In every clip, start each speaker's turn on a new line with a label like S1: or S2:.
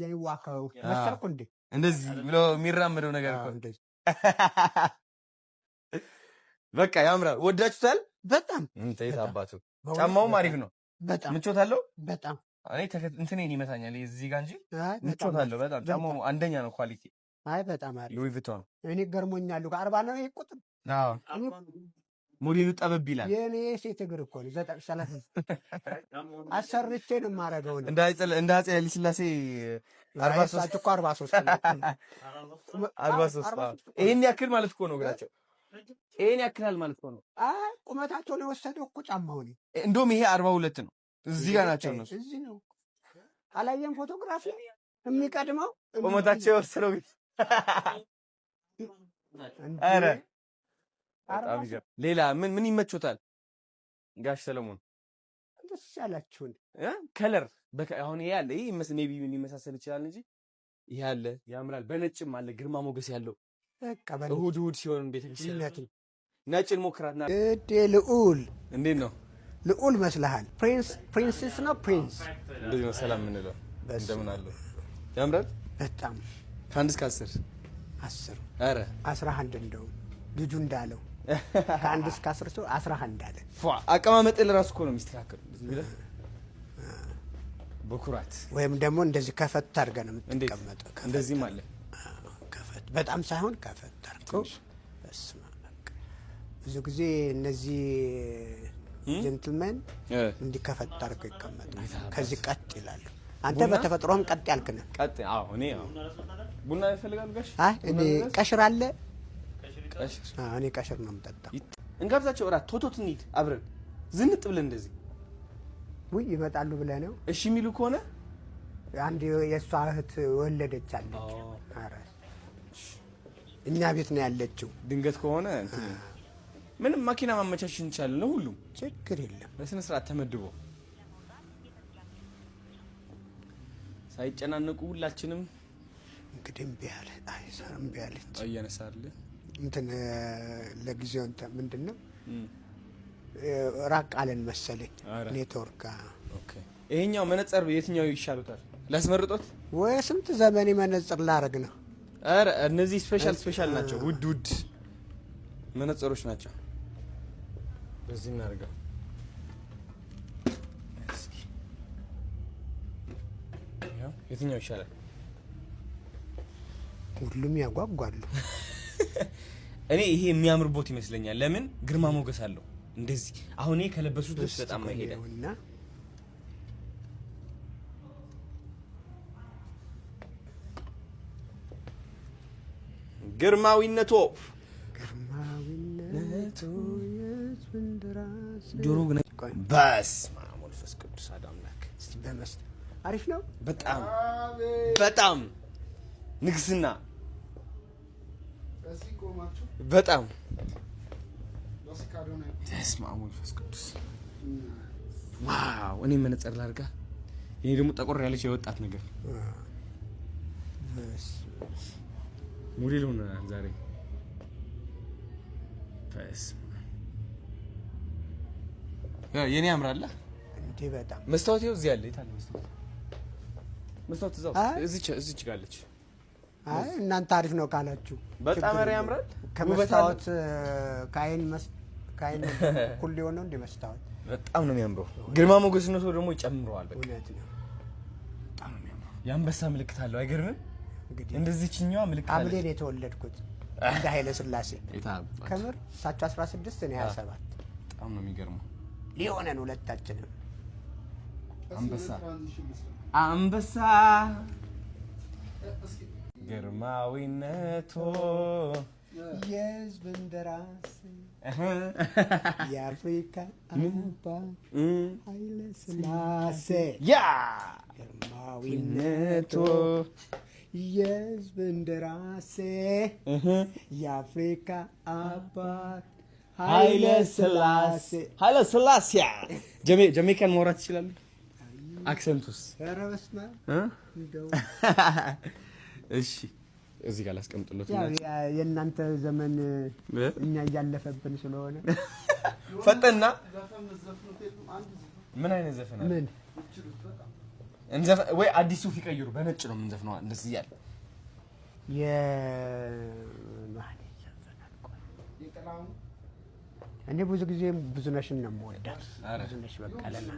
S1: ጀኒዋከው መሰልኩ እንዴ
S2: እንደዚህ ብሎ የሚራምደው ነገር በቃ ያምራል። ወዳችሁታል በጣም እንዴት አባቱ ጫማውም አሪፍ ነው። በጣም ምቾት አለው። በጣም እኔ እንትኔን ይመታኛል እዚህ ጋር እንጂ ምቾት አለው በጣም ጫማው አንደኛ ነው ኳሊቲ። አይ በጣም አሪፍ ሉዊ ቪቶን
S1: እኔ ገርሞኛል። አርባ ነው ይቁጥም።
S2: ቁጥር ሙሪኑ ጠበብ ይላል።
S1: የኔ ሴት እግር እኮ ነው ዘጠቅሰላት አሰርቼ ነው የማደርገው።
S2: እንደ አፄ ኃይለ ሥላሴ አርባ ሦስት እኮ አርባ ሦስት አርባ ሦስት ይህን ያክል ማለት እኮ ነው እግራቸው ይህን ያክላል ማለት እኮ ነው።
S1: ቁመታቸውን የወሰደው እኮ ጫማው ነው።
S2: እንደውም ይሄ አርባ ሁለት ነው። እዚህ ጋር ናቸው እነሱ። እዚህ ነው
S1: አላየም። ፎቶግራፊ የሚቀድመው
S2: ቁመታቸው የወሰደው ቤት አረ በጣም ሌላ ምን ምን ይመቾታል? ጋሽ ሰለሞን
S1: ደስ ያላችሁን
S2: ከለር አሁን ይሄ አለ ይሄ መስ ሜቢ ምን ይመሳሰል ይችላል እንጂ ይሄ አለ ያምራል። በነጭም አለ ግርማ ሞገስ ያለው በቃ እሑድ እሑድ ሲሆን ቤተክርስቲያን ነጭን ሞክራትና
S1: እዴ ልዑል እንዴት ነው ልዑል መስልሃል። ፕሪንስ ፕሪንስስ ነው ፕሪንስ
S2: እንደዚህ ነው ሰላም የምንለው። እንደምን አለ ያምራል በጣም ከአንድ እስከ አስር አስር ኧረ
S1: አስራ አንድ እንደውም ልጁ እንዳለው ከአንድ እስከ አስር ሰው አስራ አንድ አለ።
S2: አቀማመጥ ለራሱ እኮ ነው የሚስተካከሉ በኩራት
S1: ወይም ደግሞ እንደዚህ ከፈት አድርገ ነው የምትቀመጠው። እንደዚህ ማለት ከፈት በጣም ሳይሆን ከፈት አድርገው። ብዙ ጊዜ እነዚህ ጀንትልመን እንዲህ ከፈት አድርገው ይቀመጣል። ከዚህ ቀጥ ይላሉ። አንተ በተፈጥሮም ቀጥ ያልክ ነህ።
S2: ቀጥ ቡና ይፈልጋል።
S1: ቀሽር አለ እኔ ቀሽር ነው የምጠጣው።
S2: እንጋብዛቸው እራት ቶቶት እንሂድ አብረን ዝንጥ ብለን እንደዚህ።
S1: ውይ ይመጣሉ ብለህ ነው?
S2: እሺ የሚሉ ከሆነ
S1: አንድ የእሷ እህት ወለደች አለች። እኛ ቤት ነው ያለችው።
S2: ድንገት ከሆነ ምንም መኪና ማመቻች እንችላለን። ለሁሉም
S1: ችግር የለም።
S2: በስነ ስርዓት ተመድቦ ሳይጨናነቁ ሁላችንም
S1: እንግዲህ እምቢ አለ
S2: እየነሳልን
S1: እንትን ለጊዜው ምንድን ነው ራቅ አለን መሰለኝ ኔትወርክ።
S2: ይሄኛው መነጽር የትኛው ይሻሉታል? ላስመርጦት
S1: ወይ ስንት ዘመኔ መነጽር ላረግ ነው።
S2: አረ እነዚህ ስፔሻል ስፔሻል ናቸው፣ ውድ ውድ መነጽሮች ናቸው። በዚህ እናርገው የትኛው ይሻላል?
S1: ሁሉም ያጓጓሉ።
S2: እኔ ይሄ የሚያምር ቦት ይመስለኛል። ለምን ግርማ ሞገስ አለው። እንደዚህ አሁን ይሄ ከለበሱት ልብስ በጣም አይሄደ። ግርማዊነቶ ጆሮ ግን በስመ አብ ወመንፈስ ቅዱስ አሐዱ አምላክ። አሪፍ ነው በጣም በጣም ንግስና በጣም ተስማ መንፈስ ቅዱስ ዋው! እኔ መነጽር ላድርጋ። ይሄ ደግሞ ጠቆር ያለች የወጣት ነገር ሙሌል ሆነናል ዛሬ። የኔ በጣም መስታወት እዚህ አለ። የት መስታወት? መስታወት እዛው እዚች እዚች ጋለች
S1: አይ እናንተ አሪፍ ነው ካላችሁ
S2: በጣም ሪ ያምራል።
S1: ከመስታወት ከአይን ከአይን እኩል የሆነው እንደ መስታወት
S2: በጣም ነው የሚያምረው። ግርማ ሞገስነቱ ደግሞ ይጨምረዋል። በቃ በጣም ነው የሚያምረው። የአንበሳ ምልክት አለው። አይገርምም? እንግዲህ እንደዚህችኛዋ ምልክት
S1: አለ። ሐምሌ ነው የተወለድኩት እንደ ኃይለ ሥላሴ ከምር እሳቸው 16 እኔ 27
S2: በጣም ነው የሚገርመው።
S1: ሊሆነን ሁለታችንም
S2: አንበሳ አንበሳ ግርማዊነቶ
S1: የሕዝብ እንደራሴ የአፍሪካ አባት ኃይለ ስላሴ ያ ግርማዊነቶ የሕዝብ እንደራሴ የአፍሪካ አባት ኃይለ ስላሴ
S2: ኃይለ ሥላሴ ጀሜካን ማውራት ይችላሉ። አክሰንቱስ እሺ እዚህ ጋር ላስቀምጥሎት
S1: የእናንተ ዘመን እኛ እያለፈብን ስለሆነ
S2: ፈጠና ምን አይነት ዘፈን ምን ወይ አዲስ ሱፍ በነጭ ነው የምንዘፍነው። እንደዚህ እያለ
S1: እኔ ብዙ ጊዜ ብዙነሽን ነው የምወዳት። ብዙነሽ በቀለና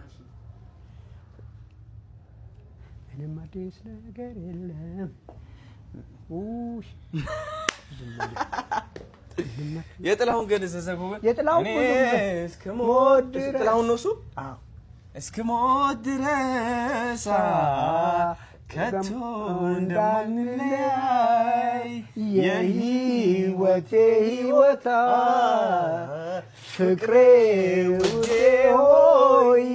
S1: ምንም አዲስ ነገር የለም
S2: የጥላሁን ግን ጎበዝ፣ የጥላሁን እስከ ሞት ጥላሁን ነው እሱ። እስከ ሞት ድረስ ከቶ እንደማንለያይ የህይወቴ ህይወታ ፍቅሬ ውዴ ሆይ።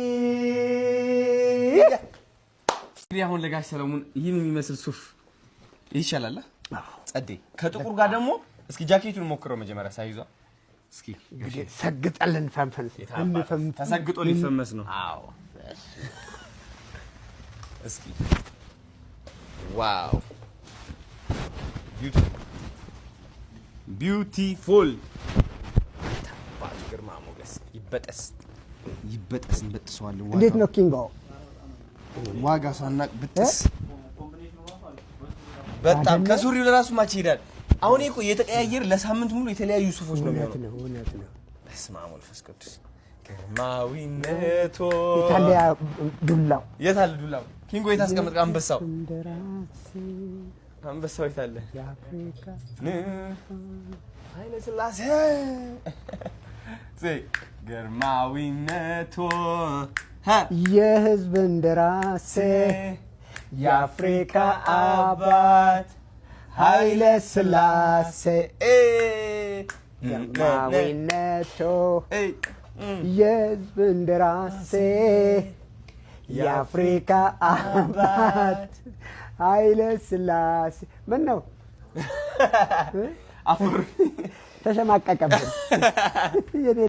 S2: አሁን ለጋሽ ሰለሞን ይህን የሚመስል ሱፍ ይሻላል። ጸዴ ከጥቁር ጋር ደግሞ እስኪ ጃኬቱን ሞክረው መጀመሪያ ሳይዟ እስኪ
S1: ሰግጠልን ፈንፈን
S2: ተሰግጦ ሊፈመስ ነው። አዎ እስኪ ዋው ቢዩቲፉል አባቱ ግርማ ሞገስ ይበጠስ ይበጠስ እንበጥሰዋለን።
S1: እንዴት ነው ኪንጎ
S2: ዋጋ ሳናቅ ብጥስ በጣም ከሱሪው ለራሱ ማች ይሄዳል። አሁን እኮ የተቀያየር ለሳምንት ሙሉ የተለያዩ ሱፎች ነው
S1: የሚሆነው።
S2: በስመ አብ ወልፈስ ቅዱስ ግርማዊነቶ ዱላው የታለ? ዱላው ኪንጎ የታስቀመጥክ? አንበሳው አንበሳው የታለ? ኃይለ ሥላሴ ግርማዊነቶ
S1: የህዝብ እንደራሴ የአፍሪካ አባት ኃይለ ስላሴ ግርማዊነቶ የሕዝብ እንደራሴ የአፍሪካ አባት ኃይለ ስላሴ ምን ነው ተሸማቀቀብን።